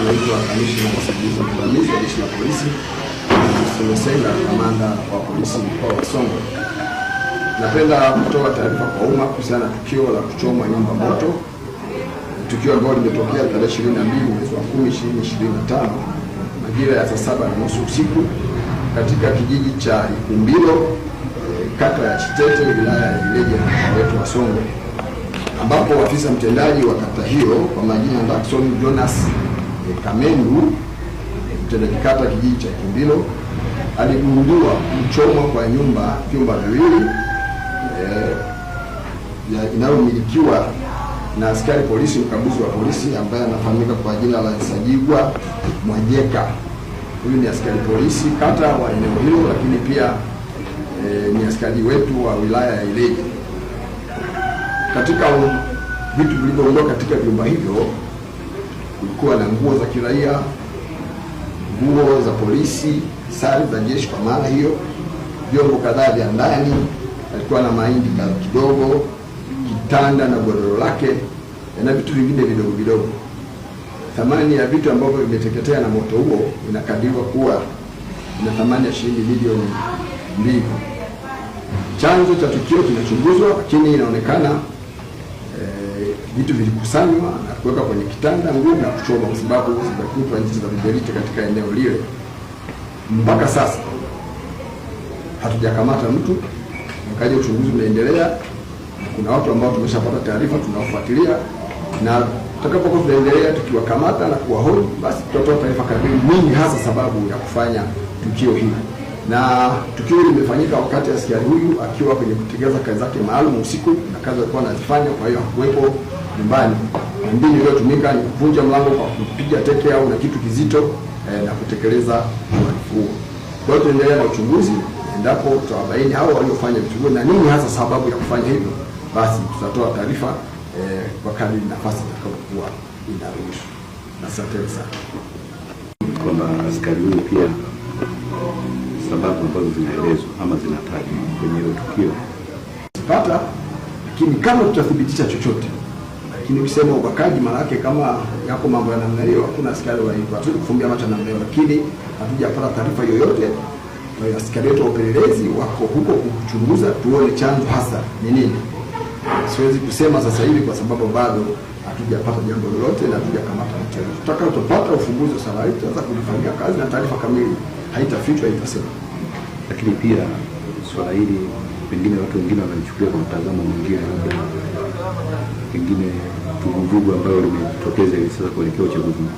anaitwa Kamishna wa Usaidizi Mwandamizi wa Jeshi la Polisi Msumesela, kamanda wa polisi mkoa wa Songwe. Napenda kutoa taarifa kwa umma kuhusiana na tukio la kuchomwa nyumba moto, tukio ambalo limetokea tarehe 22 mwezi wa 10 2025 majira ya saa 7:30 usiku katika kijiji cha Ikumbilo eh, kata ya Chitete wilaya ya Ileje mkoa wetu wa Songwe ambapo afisa mtendaji wa kata hiyo kwa majina Jackson Jonas e, Kamengu mtendaji kata kijiji cha Kimbilo aligundua mchomo kwa nyumba vyumba viwili e, inayomilikiwa na askari polisi mkaguzi wa polisi ambaye anafahamika kwa jina la Sajigwa Mwajeka. Huyu ni askari polisi kata wa eneo hilo, lakini pia e, ni askari wetu wa wilaya ya Ileje. Katika vitu vilivyoondoka katika vyumba hivyo kulikuwa na nguo za kiraia, nguo za polisi, sare za jeshi kwa maana hiyo, vyombo kadhaa vya ndani, alikuwa na mahindi kidogo, kitanda na godoro lake na vitu vingine vidogo vidogo. Thamani ya vitu ambavyo vimeteketea na moto huo inakadiriwa kuwa na thamani ya shilingi milioni mbili. Chanzo cha tukio kinachunguzwa, lakini inaonekana vitu vilikusanywa na kuweka kwenye kitanda, nguo na kuchoma, kwa sababu zimekutwa nchi za viberiti katika eneo lile. Mpaka sasa hatujakamata mtu, mkaja uchunguzi unaendelea, na kuna watu ambao tumeshapata taarifa, tunawafuatilia na tutakapokuwa tunaendelea tukiwakamata na kuwahoji, basi tutatoa taarifa kamili nini hasa sababu ya kufanya tukio hili. Na tukio limefanyika wakati askari huyu akiwa kwenye kutekeleza kazi zake maalum usiku, na kazi alikuwa anazifanya, kwa hiyo hakuwepo nyumbani, na mbinu iliyotumika ni kuvunja mlango kwa kupiga teke au na kitu kizito eh, na kutekeleza uhalifu huo. Kwa hiyo tunaendelea na uchunguzi, endapo tutawabaini hao waliofanya vitu hivyo na nini hasa sababu ya kufanya hivyo, basi tutatoa taarifa eh, kwa kadri nafasi itakayokuwa inaruhusu. Asanteni sana kwamba askari huyu pia sababu ambazo zinaelezwa ama zinatajwa kwenye hilo tukio zipata, lakini kama tutathibitisha chochote lakini ukisema ubakaji, maana yake kama yako mambo ya namna hiyo, hakuna askari waiba, hatuwezi kufumbia macho namna hiyo, lakini hatujapata taarifa yoyote. Kwa hiyo askari wetu wa upelelezi wako huko kuchunguza, tuone chanzo hasa ni nini. Siwezi kusema sasa hivi kwa sababu bado hatujapata jambo lolote na hatujakamata mtu yoyote. Tutakapopata ufunguzi wa swala hili, tutaanza kulifanyia kazi na taarifa kamili haitafichwa, haitasema. Lakini pia swala hili pengine watu wengine wanalichukulia kwa mtazamo mwingine labda pengine vuguvugu ambayo limetokeza hivi sasa kuelekea uchaguzi mkuu.